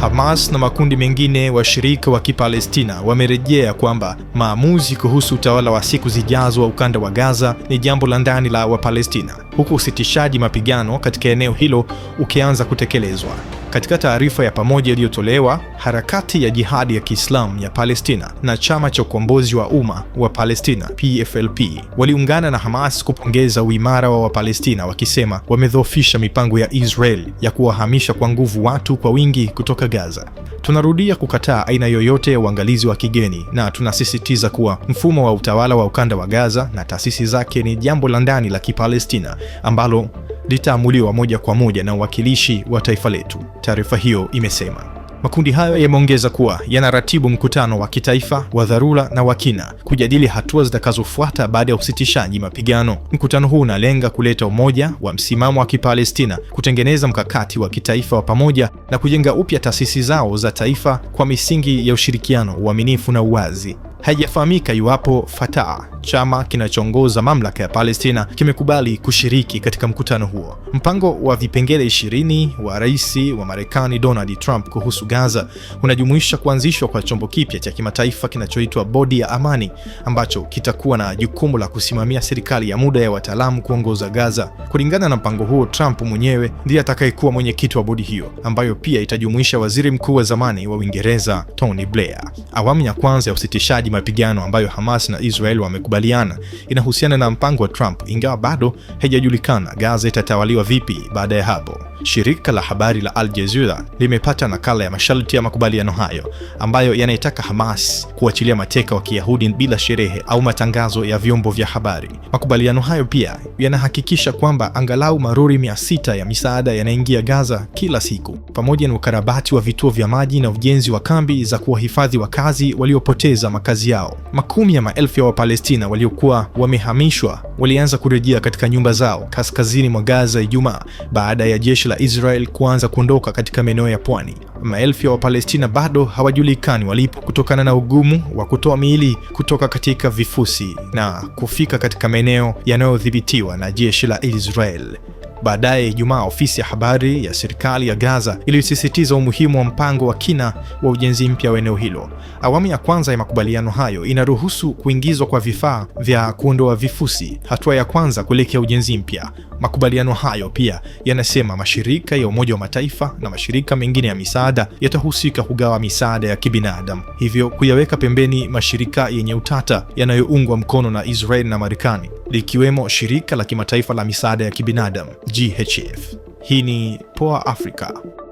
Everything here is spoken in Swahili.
Hamas na makundi mengine washirika wa Kipalestina wamerejea kwamba maamuzi kuhusu utawala wa siku zijazo wa ukanda wa Gaza ni jambo la ndani la Wapalestina huku usitishaji mapigano katika eneo hilo ukianza kutekelezwa. Katika taarifa ya pamoja iliyotolewa, harakati ya jihadi ya Kiislamu ya Palestina na chama cha ukombozi wa umma wa Palestina PFLP waliungana na Hamas kupongeza uimara wa Wapalestina, wakisema wamedhoofisha mipango ya Israel ya kuwahamisha kwa nguvu watu kwa wingi kutoka Gaza. Tunarudia kukataa aina yoyote ya uangalizi wa kigeni na tunasisitiza kuwa mfumo wa utawala wa ukanda wa Gaza na taasisi zake ni jambo la ndani la Kipalestina ambalo litaamuliwa moja kwa moja na uwakilishi wa taifa letu, taarifa hiyo imesema. Makundi hayo yameongeza kuwa yanaratibu mkutano wa kitaifa wa dharura na wa kina kujadili hatua zitakazofuata baada ya usitishaji mapigano. Mkutano huu unalenga kuleta umoja wa msimamo wa Kipalestina, kutengeneza mkakati wa kitaifa wa pamoja na kujenga upya taasisi zao za taifa kwa misingi ya ushirikiano, uaminifu na uwazi. Haijafahamika iwapo Fatah chama kinachoongoza mamlaka ya Palestina kimekubali kushiriki katika mkutano huo. Mpango wa vipengele ishirini wa rais wa Marekani Donald Trump kuhusu Gaza unajumuisha kuanzishwa kwa chombo kipya cha kimataifa kinachoitwa Bodi ya Amani ambacho kitakuwa na jukumu la kusimamia serikali ya muda ya wataalamu kuongoza Gaza. Kulingana na mpango huo, Trump mwenyewe ndiye atakayekuwa mwenyekiti wa bodi hiyo ambayo pia itajumuisha waziri mkuu wa zamani wa Uingereza Tony Blair. Awamu ya kwanza ya usitishaji mapigano ambayo Hamas na Israel wamekubali kukubaliana inahusiana na mpango wa Trump, ingawa bado haijajulikana Gaza itatawaliwa vipi baada ya hapo. Shirika la habari la Al Jazeera limepata nakala ya masharti ya makubaliano hayo ambayo yanaitaka Hamas kuachilia mateka wa Kiyahudi bila sherehe au matangazo ya vyombo vya habari. Makubaliano hayo pia yanahakikisha kwamba angalau marori sita ya misaada yanaingia Gaza kila siku, pamoja na ukarabati wa vituo vya maji na ujenzi wa kambi za kuwahifadhi wakazi waliopoteza makazi yao. Makumi ya maelfu ya Wapalestina Palestina waliokuwa wamehamishwa walianza kurejea katika nyumba zao kaskazini mwa Gaza Ijumaa baada ya jeshi la Israel kuanza kuondoka katika maeneo ya pwani. Maelfu ya Wapalestina bado hawajulikani walipo kutokana na ugumu wa kutoa miili kutoka katika vifusi na kufika katika maeneo yanayodhibitiwa na jeshi la Israel. Baadaye Ijumaa, ofisi ya habari ya serikali ya Gaza ilisisitiza umuhimu wa mpango wa kina wa ujenzi mpya wa eneo hilo. Awamu ya kwanza ya makubaliano hayo inaruhusu kuingizwa kwa vifaa vya kuondoa vifusi, hatua ya kwanza kuelekea ujenzi mpya. Makubaliano hayo pia yanasema mashirika ya Umoja wa Mataifa na mashirika mengine ya misaada yatahusika kugawa misaada ya kibinadamu, hivyo kuyaweka pembeni mashirika yenye utata yanayoungwa mkono na Israel na Marekani likiwemo shirika la kimataifa la misaada ya kibinadamu GHF. Hii ni Poa Africa.